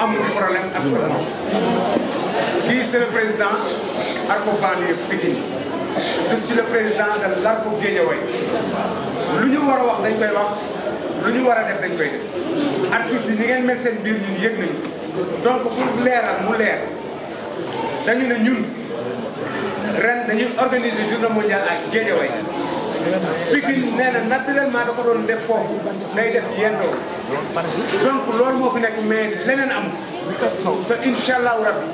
amul problème ak sa bopp kii c'est le président ARCO banlieue Pikine je suis le président de l'ARCO Guédiawaye lu ñu war a wax dañ koy wax lu ñu war a def dañ koy def artistes yi ni ngeen mel seen biir ñu yëg nañu donc pour leeral mu leer dañu ne ñun ren dañuy organiser journée mondiale ak Guédiawaye Pikine nee na naturellement da ko doon def foofu day def yendoo donc loolu moo fi nekk mais leneen am to incha allahu rabbi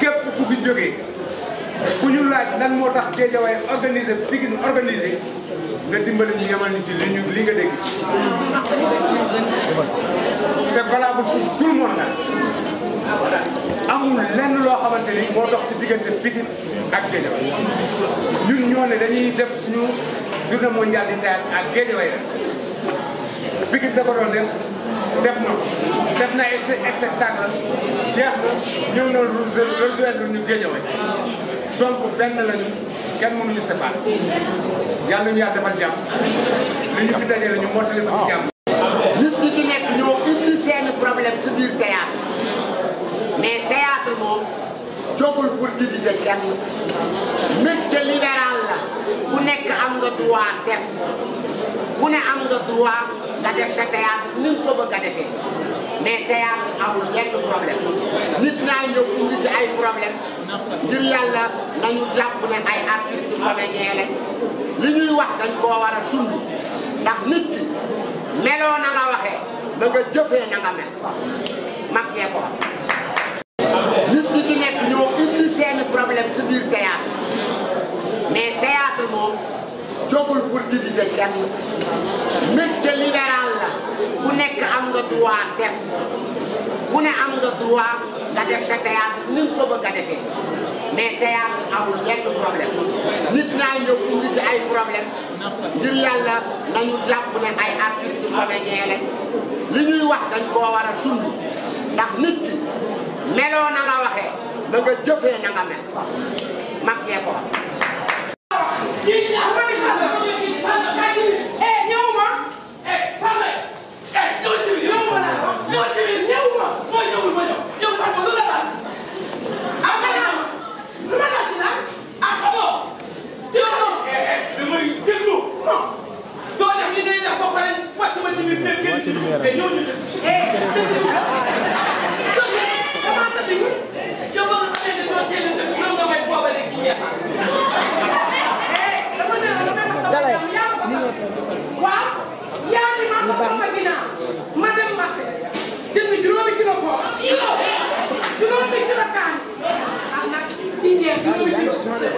képp ku fi jógee ku ñu laaj lan moo tax Guédiawaye organisé Pikine organisé nga dimbali ñu yemal ñu li ñu li nga dégg c'est valable pour tout amul lenn loo xamante ni moo dox ci diggante Pikine ak Guédiawaye ñun ñoo ne dañuy def suñu journée mondiale du théâtre ak Guédiawaye la Pikine da ko doon def def na def na spectacle jeex na ñëw na rejoindre ñu Guédiawaye donc benn lañu kenn mënuñu séparé yàlla ñu yàlla defal jàmm li ñu fi dajale ñu mottali ko ci jàmm nit ñi ci nekk ñoo indi seeni problème ci biir théâtre xamul pour diviser kenn métier libéral la nga droit def ku ne am nga droit a defee problème nit ñaa ñëw indi ci ay problème ngir yàlla nañu jàpp ne ay artiste comédien lañ li ñuy wax dañ koo war a tund ndax nit ki meloo na nga waxee na nga mel mag ñee ko problème ci biir mais théâtre moom jógul pour diviser kenn métier libéral la ku nekk am nga droit def ku ne am nga droit nga def sa théâtre ni ko bëgg a defee mais théâtre amul yenn problème nit ñaa ñëw indi ci ay problème ngir yàlla nañu jàpp ne ay artistes comédien lañ li ñuy wax koo war a tund ndax nit meloo na nga da nga jëfee na nga mel mag ñee ko wax Hey,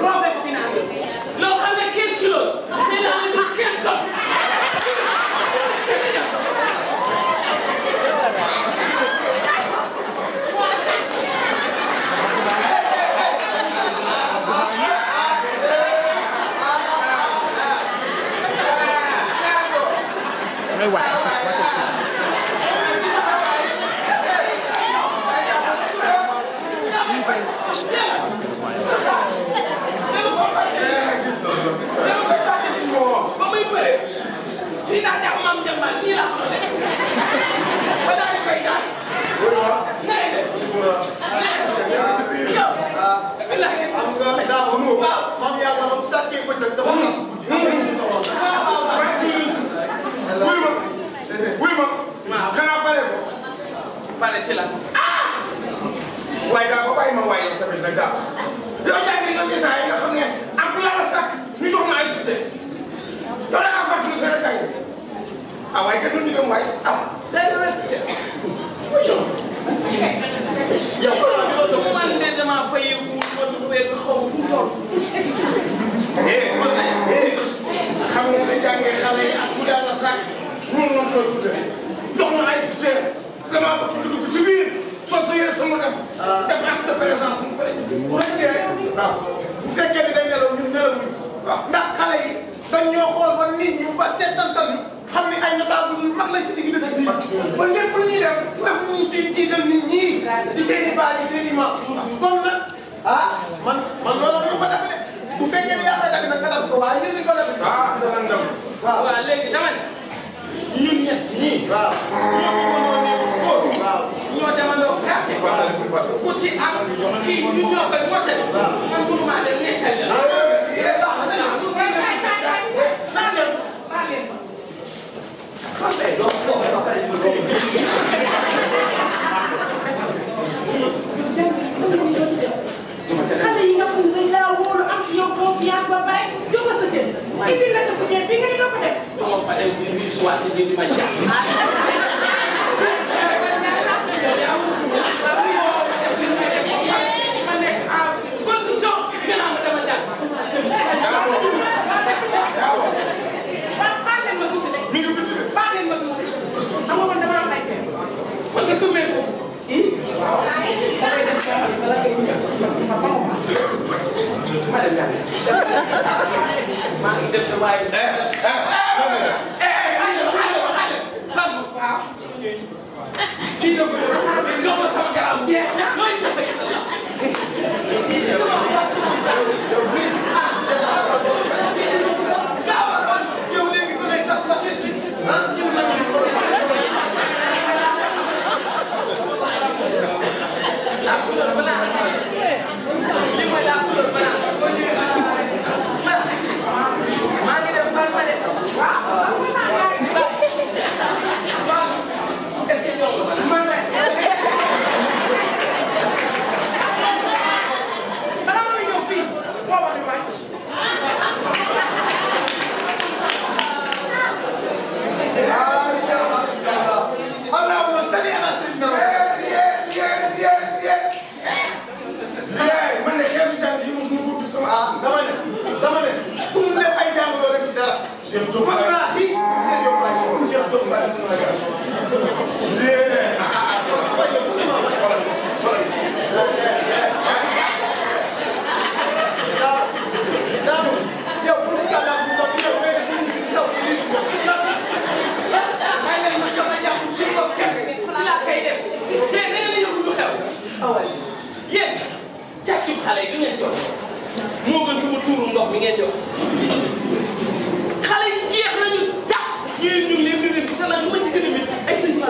Robert pare ci la waaye daa ko bàyyi ma waaye tamit nag daa yow yaa ngi doon gis nga xam ne Ah, why can't you come? Why? Ah, then let's see. What you? Yeah, what you? Woman, then the man for you who want to wear the whole futon. Hey, hey, come on, let's get a nga bit of a snack. We're not going to do that. responsable bu mag lañ si digg dëkk bi ba lépp lu ñuy def wax ñu si jiital nit ñi di seen i baal di seen i maam kon nag ah man man loolu dama ko def de bu fekkee ne yaa ngi dagg nag nga dagg ko waaye ñun ñu ko def. ah dana ndam. waaw waaw léegi dama ne ñun ñett ñii. waaw ñoo ko mënoon nekk fóotu. waaw ñoo demandoo quartier. ku ci am kii ñu ñoo koy mottali. waaw man mënu maa dem nekkal la. macam Thank you. Yeah. 예! 자식 달래주면 죠 먹은 주부 두는 거 미겠죠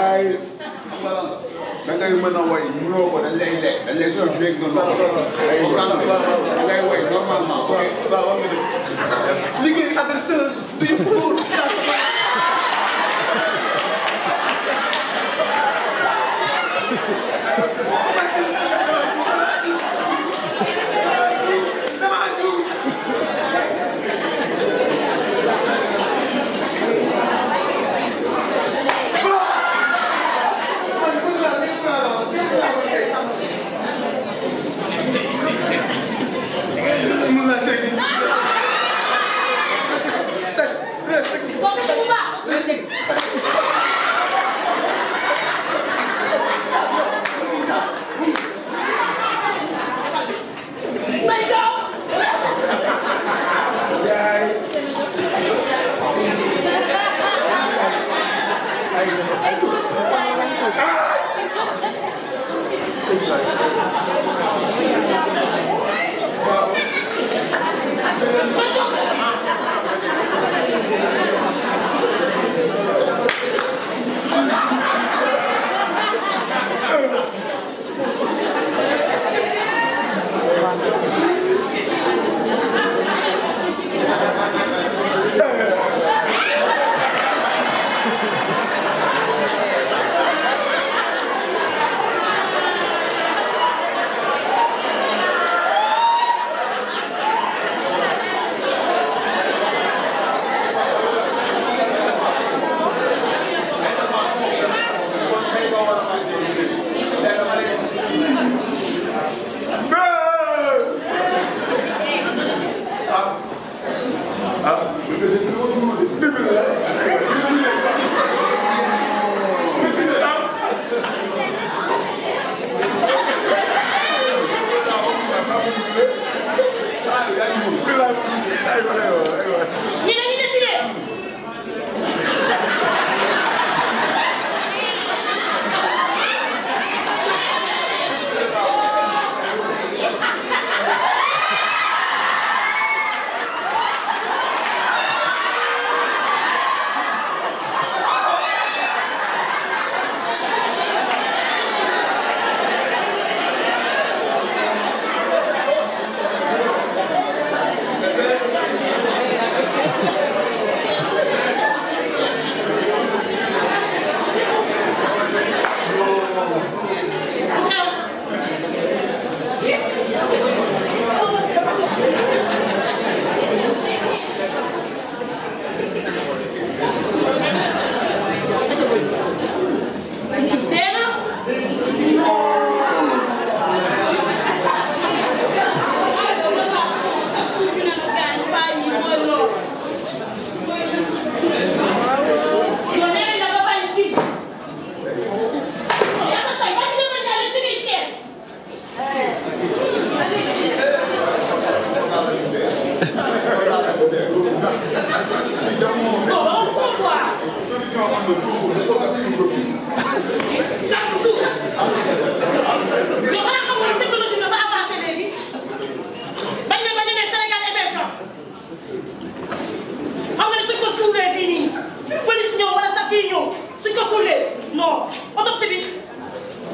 waaye da ngay mën a woy mënoo ko dañ lay lekk dañ lay soog léegi nga noo ko. da ngay woy normalement. waaw waaw liggéey adresseur du yëfu góor Thank you.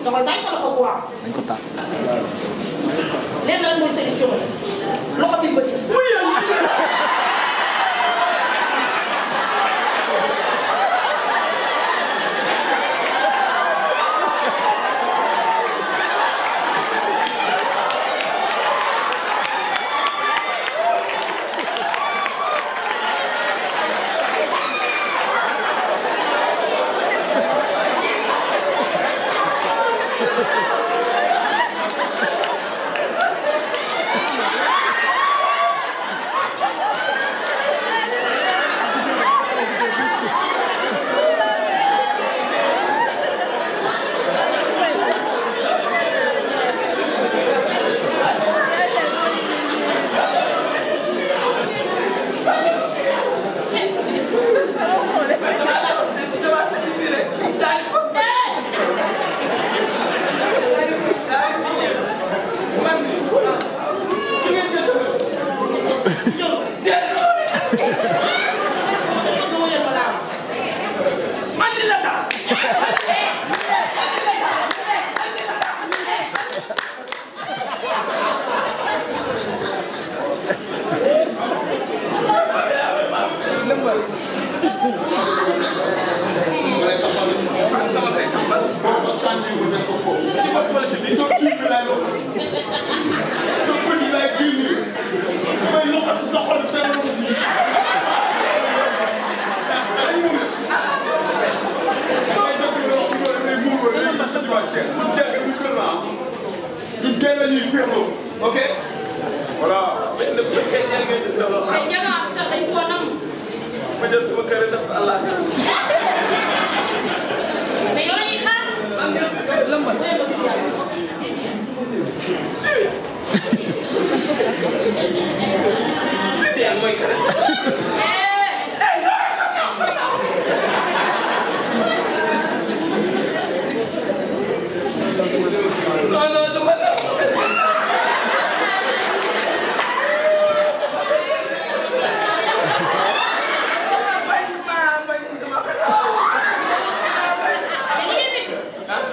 da koy bàyyi sa loxo bu waaw. dañ ko tas. lenn rek mooy solution la.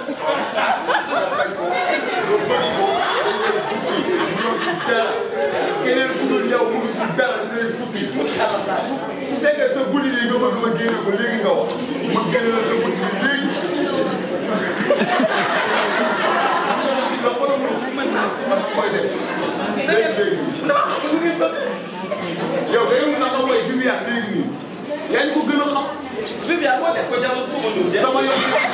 bañ ko loolu bëgg ko keneen ku dul yow mënu ci dara lay fukki bu fekkee sa guddi li nga bëgg ma génne ko léegi nga wax ma génne la sa guddi li léegi la ko doon mën man koy def léegi yow day mun na ko woy si mu yàq léegi nii yaa ngi ko gën a xam. Viviane moo def ko jamono sama yoon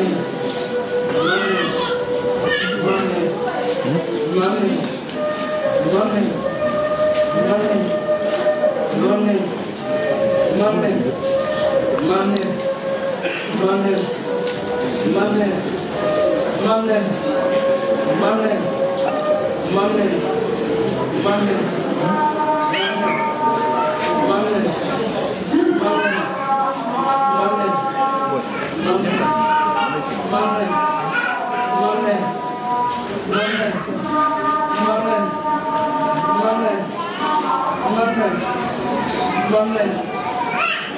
Money, money, money.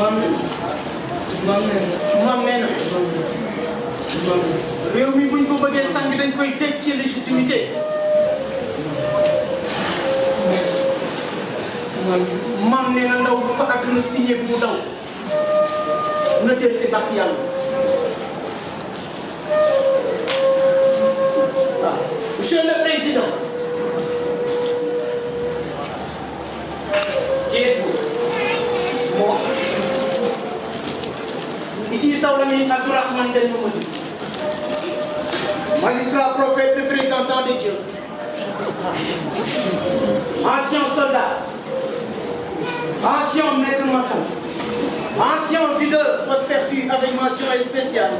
moom moom nee na moom réew mi buñ ko bëggee sànq dañ koy tëj ci légitimité moom nee na ndaw bu ko àdduna signé bu mu na dégg ci bàq Magistrat, prophète, représentant des dieux. Ancien soldat. Ancien maître maçon. Ancien videur, prospertu avec mention spéciale.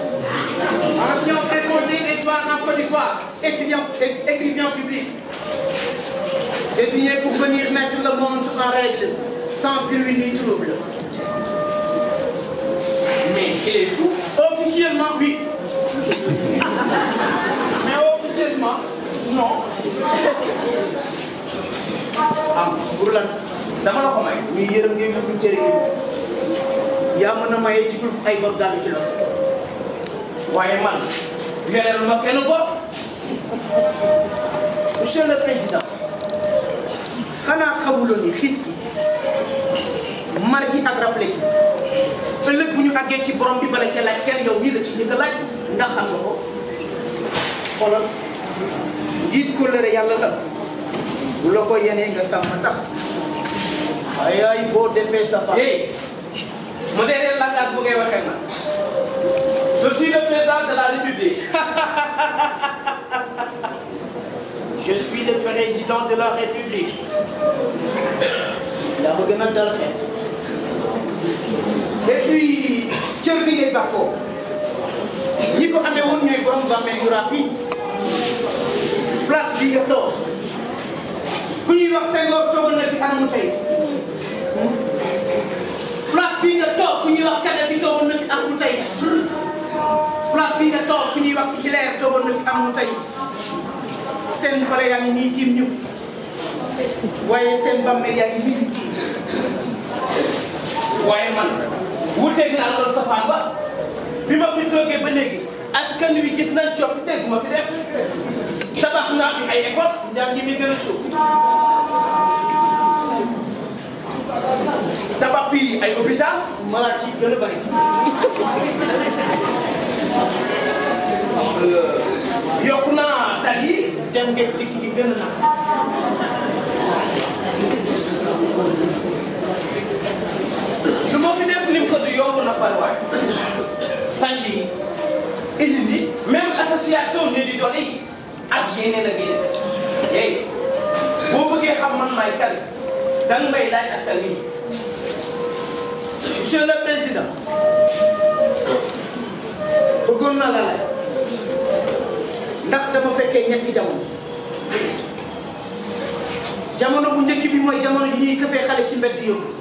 Ancien préposé des en Côte d'Ivoire, écrivain public. Désigné pour venir mettre le monde en règle, sans plus ni trouble. Mais il est fou. officiellement oui mais officieusement non am ah, pour lan dama la ko may ñuy yërëm ngay yëpp jëriñ yaa mën a maye ci ay bor daal ci la waaye man yorelu ma kenn bor monsieur le président xanaa xamuloo ni xiif gi mar gi ak rafle gi ëllëg ñu àggee ci borom bi bala ca laaj kenn yow mii la ci njëkk laaj ndax xam ko ko la bu la ko nga tax sa fa je suis le président de la république je suis le président de la république et puis cër bi ngay bàkkoo ñi ko amee woon ñooy borom bàmmeel yu raaf yi place bi nga toog ku ñuy wax Senghor toogal na fi anamu tey place bi nga toog ku ñuy wax Kadhafi toogal na fi anamu tey place bi nga toog ku ñuy wax Hitler toogal na fi anamu tey seen bale yaa ngi nii tiim ñu waaye seen une yaa ngi nii tiim waaye man. wuteeg naa loolu safaan ba bi ma fi toogee ba léegi askan wi gis nañ coppite bu ma fi def tabax naa fi ay école njàng mi gën a tabax fii ay hôpital malaat yi gën a bëri naa tal yi jàngeeg tikki gi gën fi def lim ko du yomb na par waay sant yi usines yi même association ne di doole yi ak yeneen ak yeneen tey boo bëggee xam man maay kan danga may laaj askan wi monsieur le président bëggoon na la laaj ndax dama fekkee ñetti jamono jamono bu njëkk bi mooy jamono yi ñuy këfee xale ci mbedd yóbbu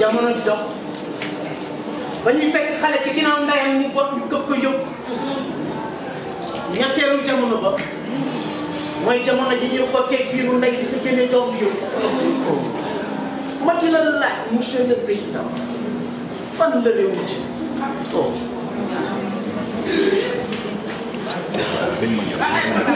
jamono di dox ba ñuy fekk xale ci ginnaaw ndeyam mu bot ñu këf ko yóbbu ñetteelu jamono ba mooy jamono ji ñu xottee biiru ndey di ci génne doom bi yóbbu ma ci la laaj monsieur le président fan la réew mi ci toog oh. ah,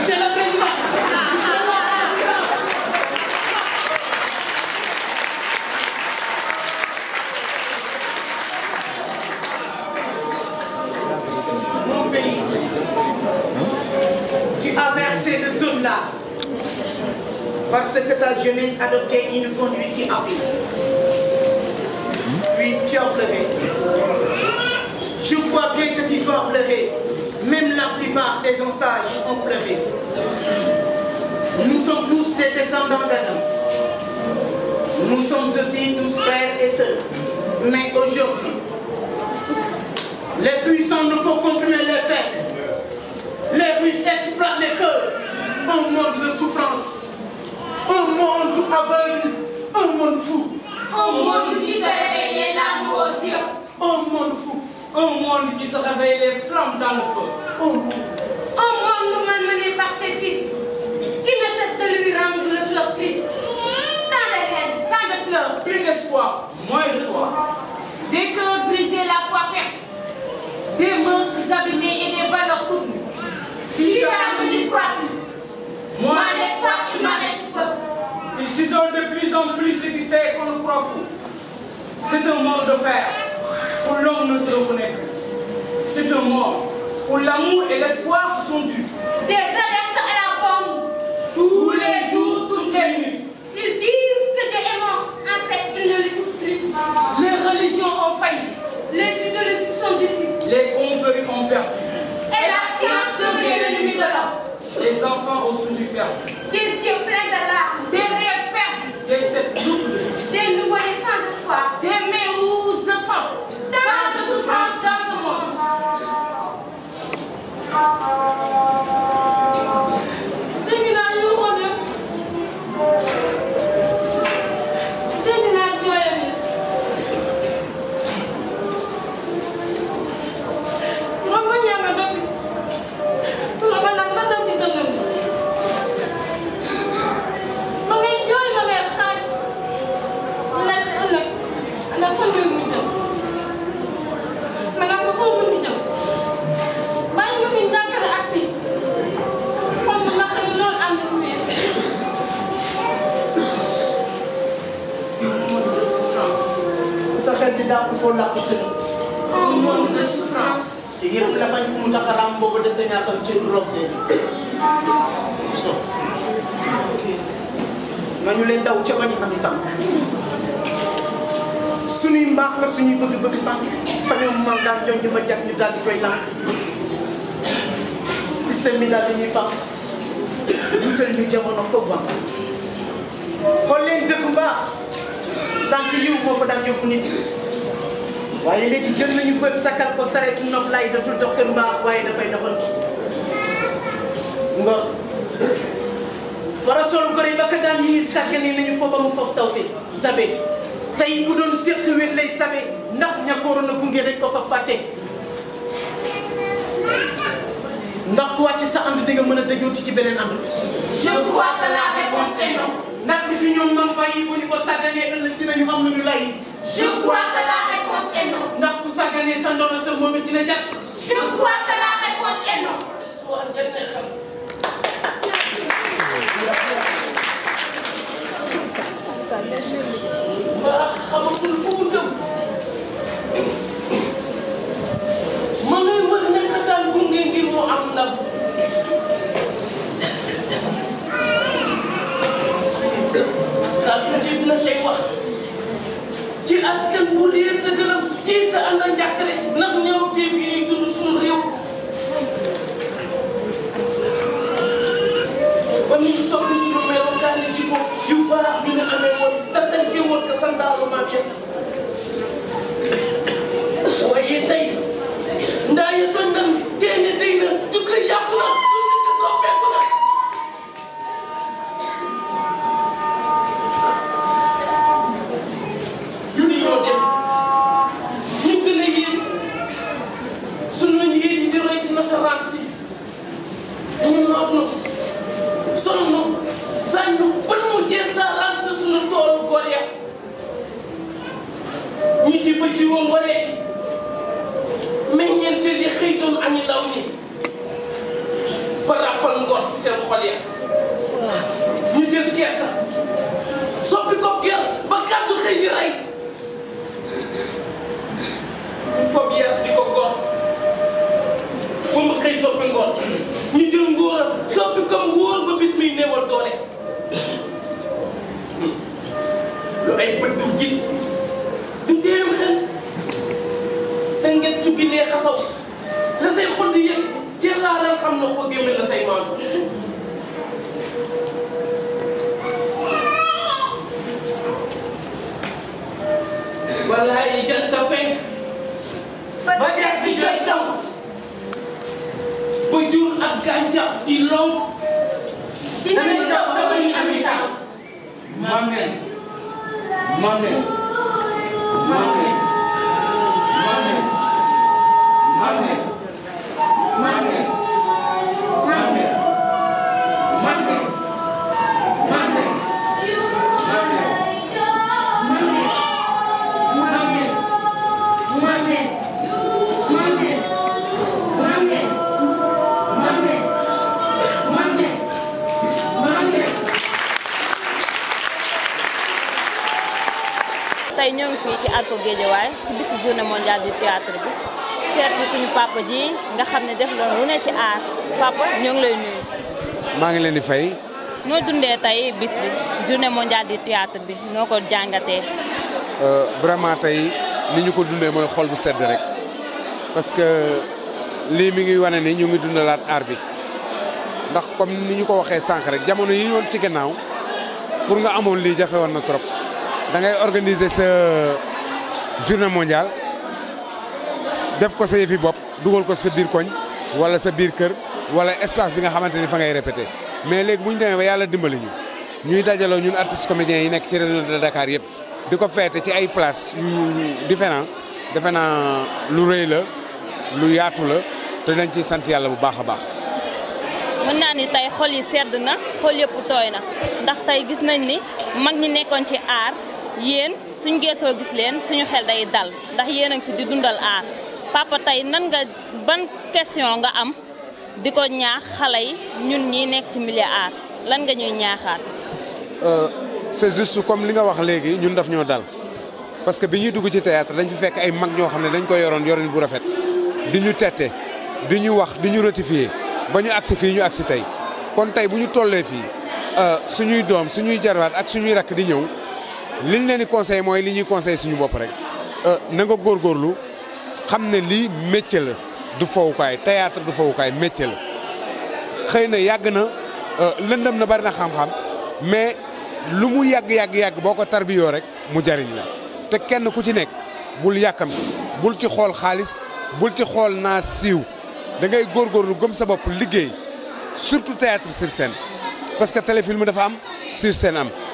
plus ce qui fait qu'on nous croit fou. C'est un monde de fer où l'homme ne se reconnaît plus. C'est un monde où l'amour et l'espoir se sont dus. Des alertes à la bombe. Tous les jours, toutes les nuits. Ils disent que Dieu est mort. En fait, ils ne l'écoutent plus. Les religions ont failli. Les idéologies sont dissipées. Les conflits ont perdu. Et la science devient l'ennemi de l'homme. Les enfants ont soutenu perdu. Il y a double Des pour la kitchen. Au de souffrance. Et il la fin comme ta carambo de Seigneur comme tu roques. Nañu leen daw ci bañu am itam. Suñuy mbaax la di koy lank. Système bi dal dañuy fa. Wutal ñu jamono ko ba. Xol leen dëkk waaye léegi jël nañu bët takkal ko sareetu nof laay daful dox kër mbaax waaye dafay doxantu nga parasol gore ba ka daan ñuy sàggane nañu ko ba mu foofu tawte tabe tey bu doon séq wét lay sabe ndax ña ko waroon a gunge dañ ko fa fàtte ndax ku wàcc sa ànd di nga mën a dëjooti ci beneen ànd je crois que la réponse est non ndax bi fi ñoom mam bàyyi bu ñu ko sàgganee ëllëg dinañu am lu ñu lay Je crois que la réponse est non. ndax ku sàgganee sa ndono sa moom it dina jàpp. Je crois. askan bu réer te gërëm tiit te ànd ak njàqare ndax ñëw téef yi ñuy dund suñu réew. ba ñuy soppi suñu melokaan ci bopp yu baax yu ñu amee woon te tënkee woon ko sandaalu maam yëpp. ba ràppal ngor si seen xol ya ñu jël kersa soppi ko ger ba kàddu xëy ñu rey fob yar di ko góor ba mu xëy soppi ngor ñu jël ngóoram soppi ko ngóor ba bis muy néewal doole lu ay bët du gis du teew xel te la say xol di yëg jëllaaral xam na ko gémme na say maam wallaay jant fenk ba jant bi jooy taw ba jur ak gàncax di lonk dinañ taw sama ami taw woon fii ci Arco Guédiawaye ci bisu journée mondiale du théâtre bi seet si suñu papa ji nga xam ne def loon lu ne ci aar papa ñu ngi lay nuyu. maa ngi leen di fay. noo dundee tey bis bi journée mondiale du théâtre bi noo ko jàngatee. Euh, vraiment tey ni ñu ko dundee mooy xol bu sedd rek parce que lii mi ngi wane ni ñu ngi dundalaat aar bi ndax comme ni ñu ko waxee sànq rek jamono yi yoon ci gannaaw pour nga amoon lii jafe woon na trop. da ngay organiser sa journée mondiale def ko sa yëfi bopp dugal ko sa biir koñ wala sa biir kër wala espace bi nga xamante ni fa ngay répété mais léegi bu ñu demee ba yàlla dimbali ñu ñuy dajaloo ñun artistes comédiens yi nekk ci région de Dakar yëpp di ko feete ci ay place yu différent defe naa lu rëy la lu yaatu la te dañ ciy sant yàlla bu baax a baax. mën naa ni tey xol yi sedd na xol yëpp tooy na ndax tey gis nañ ni mag ñi nekkoon ci aar. Yen suñu gesso gis len suñu xel day dal ndax yen a ci di dundal a papa tay nan nga ban question nga am dikonya ñaax xalé yi ñun ñi nekk ci milieu lan nga ñuy ñaaxaat. Euh, c'est juste comme li nga wax ñun daf ñoo dal parce que biñu dugg ci théâtre dañ fi fekk ay mag ñoo xamne dañ ko yoron yoron bu rafet diñu tété diñu wax diñu ratifier bañu ñu fi ñu agsi tay kon tay buñu tollé fi euh suñuy dom suñuy jarwat ak suñuy rak di ñew liñ leen di conseillé mooy li ñuy conseillé suñu bopp rek euh, na nga góorlu xam ne lii métier la du fowukaay théâtre du fowukaay métier la xëy na yàgg na euh, lëndëm na bari na xam-xam mais lu mu yàgg-yàgg-yàgg boo ko tarbiyoo rek mu jariñ la te kenn ku ci nekk bul yàkkam bul ci xool xaalis bul ci xool naa siiw da ngay góorlu gëm sa bopp liggéey surtout théâtre sur parce que téléfilm dafa am sur scène am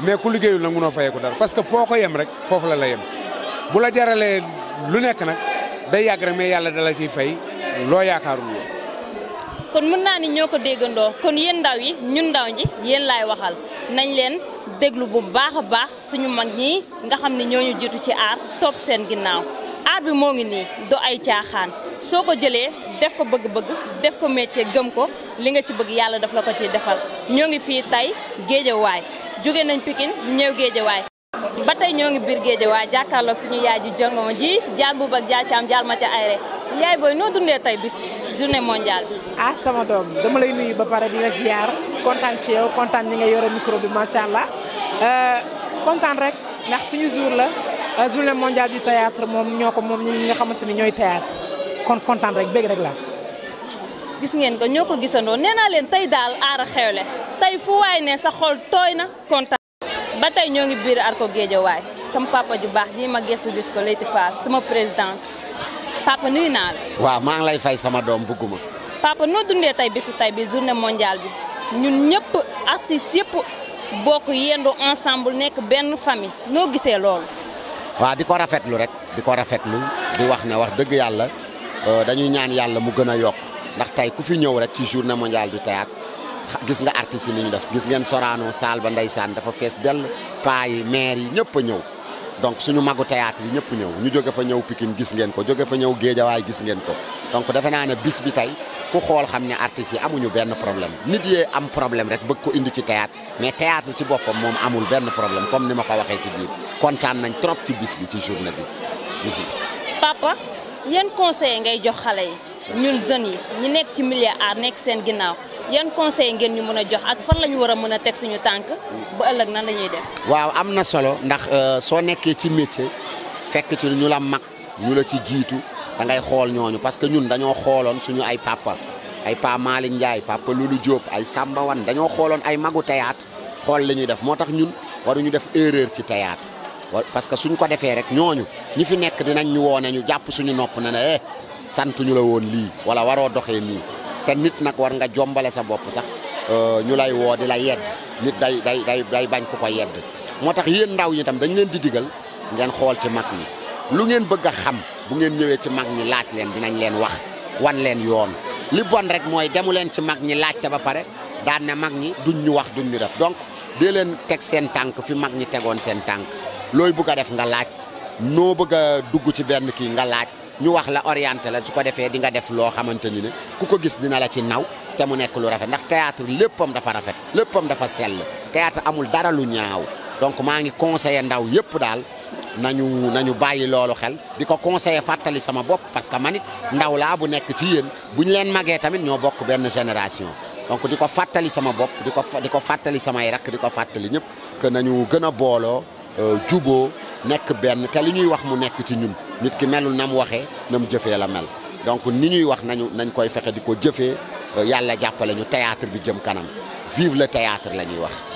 mais ku liggéeyul nag mënoo fayee ko dara parce que foo ko yem rek foofu la la yem bu la jaralee lu nekk nag day yàgg rek mais yàlla dala ciy fay loo yaakaarul woon. kon mën naa ni ñoo ko déggandoo kon yéen ndaw yi ñun ndaw ñi yéen laay waxal nañ leen déglu bu baax a baax suñu mag ñi nga xam ni ñoo ñu jiitu ci aar topp seen ginnaaw aar bi moo ngi nii do ay caaxaan soo ko jëlee def ko bëgg-bëgg def ko métier gëm ko li nga ci bëgg yàlla daf la ko ci defal ñoo ngi fii tey géejawaay jóge nañ Pikine ñëw Géejawaay ba tey ñoo ngi biir Géejawaay jàkkaarlook suñu yaay ji jongoma ji jaal bu bak jaal caam jaal ma ca ayre yaay booy noo dundee tey bis journée mondial bi. ah sama doom dama lay nuyu ba pare di la ziar kontaan ci yow kontaan ni nga yore micro bi macha allah euh, kontaan rek ndax suñu jour la euh, journée mondiale du théâtre moom ñoo ko moom ñi nga xamante ni ñooy théâtre kon kontaan rek bëgg rek la gis ngeen ko ñoko ko gisandoo nee naa leen tey daal aara xewle tay fu waay ne sa xol tooy na kontaan ba tey ñoo ngi biir Arko Guédiawaye sama papa ju baax yi ma gesu gis ko Leyti Fall sama président papa nuy naal waaw maa ngi lay fay sama doom bugguma. papa noo dundee tay bisu tay bi journée mondiale bi ñun ñëpp artistes yëpp bokk yendo ensemble nekk benn famille noo gisee loolu. waaw di ko rafetlu rek di ko rafetlu di wax ne wax dëgg yàlla euh, dañuy ñaan yàlla mu gën a yokk. ndax tey ku fi ñëw rek ci journée mondiale du théâtre gis nga artistes yi ni ñu def gis ngeen Sorano saal ba ndeysaan dafa fees dell paa yi maire yi ñëpp a ñëw donc suñu magu théâtre yi ñëpp ñëw ñu jóge fa ñëw Pikine gis ngeen ko jóge fa ñëw Géejawaay gis ngeen ko donc defe naa ne bis bi tey ku xool xam ne artistes yi amuñu benn problème nit yee am problème rek bëgg ko indi ci théâtre mais théâtre ci boppam moom amul benn problème comme ni ma ko waxee ci biir kontaan nañ trop ci bis bi ci ñun jeunes yi ñi nekk ci milieu art nekk seen ginnaaw yan conseil ngeen ñu mën a jox ak fan la ñu war a mën a teg suñu tànk ba ëllëg nan la ñuy def. waaw am na solo ndax euh, soo nekkee ci métier fekk ci ñu la mag ñu la ci jiitu da ngay xool ñooñu parce que ñun dañoo xooloon suñu ay papa ay pa Malick Ndiaye papa Loulou Diop ay Samba Wan dañoo xooloon ay magu théâtre xool li ñuy def moo tax ñun waruñu def erreur ci teyaat parce que suñ ko defee rek ñooñu ñi fi nekk dinañ ñu woone ñu jàpp suñu nopp na santuñu la woon lii wala waroo doxee nii te nit nag war nga jombale sa bopp sax euh, ñu lay woo di la yedd nit day day day day bañ ku ko yedd moo tax yéen ndaw ñi tam dañ leen di digal ngeen xool ci mag ñi lu ngeen bëgg a xam bu ngeen ñëwee ci mag ñi laaj leen dinañ leen wax wan leen yoon li bon rek mooy demu leen ci mag ñi laaj ba pare daan ne mag ñi duñ ñu wax duñ ñu def donc dee leen teg seen tànk fi mag ñi tegoon seen tànk looy bëgg a def nga laaj noo bëgg a dugg ci benn kii nga laaj ñu wax la orienté la su ko defee di nga def loo xamante ni ne ku ko gis dina la ci naw te mu nekk lu rafet ndax théâtre léppam dafa rafet léppam dafa sell théâtre amul dara lu ñaaw donc maa ngi conseillé ndaw yëpp daal nañu nañu bàyyi loolu xel di ko conseillé fàttali sama bopp parce que man it ndaw laa bu nekk ci yéen bu ñu leen magee tamit ñoo bokk benn génération donc di ko fàttali sama bopp di ko di ko fàttali samay rakk di ko fàttali ñëpp que nañu gën a booloo euh, juboo nekk benn te li ñuy wax mu nekk ci ñun nit ki melul na waxe waxee jëfé jëfee la mel donc ni ñuy wax nañu nañ koy fexe di ko jëfee yàlla jàppale ñu théâtre bi jëm kanam vive le théâtre la ñuy wax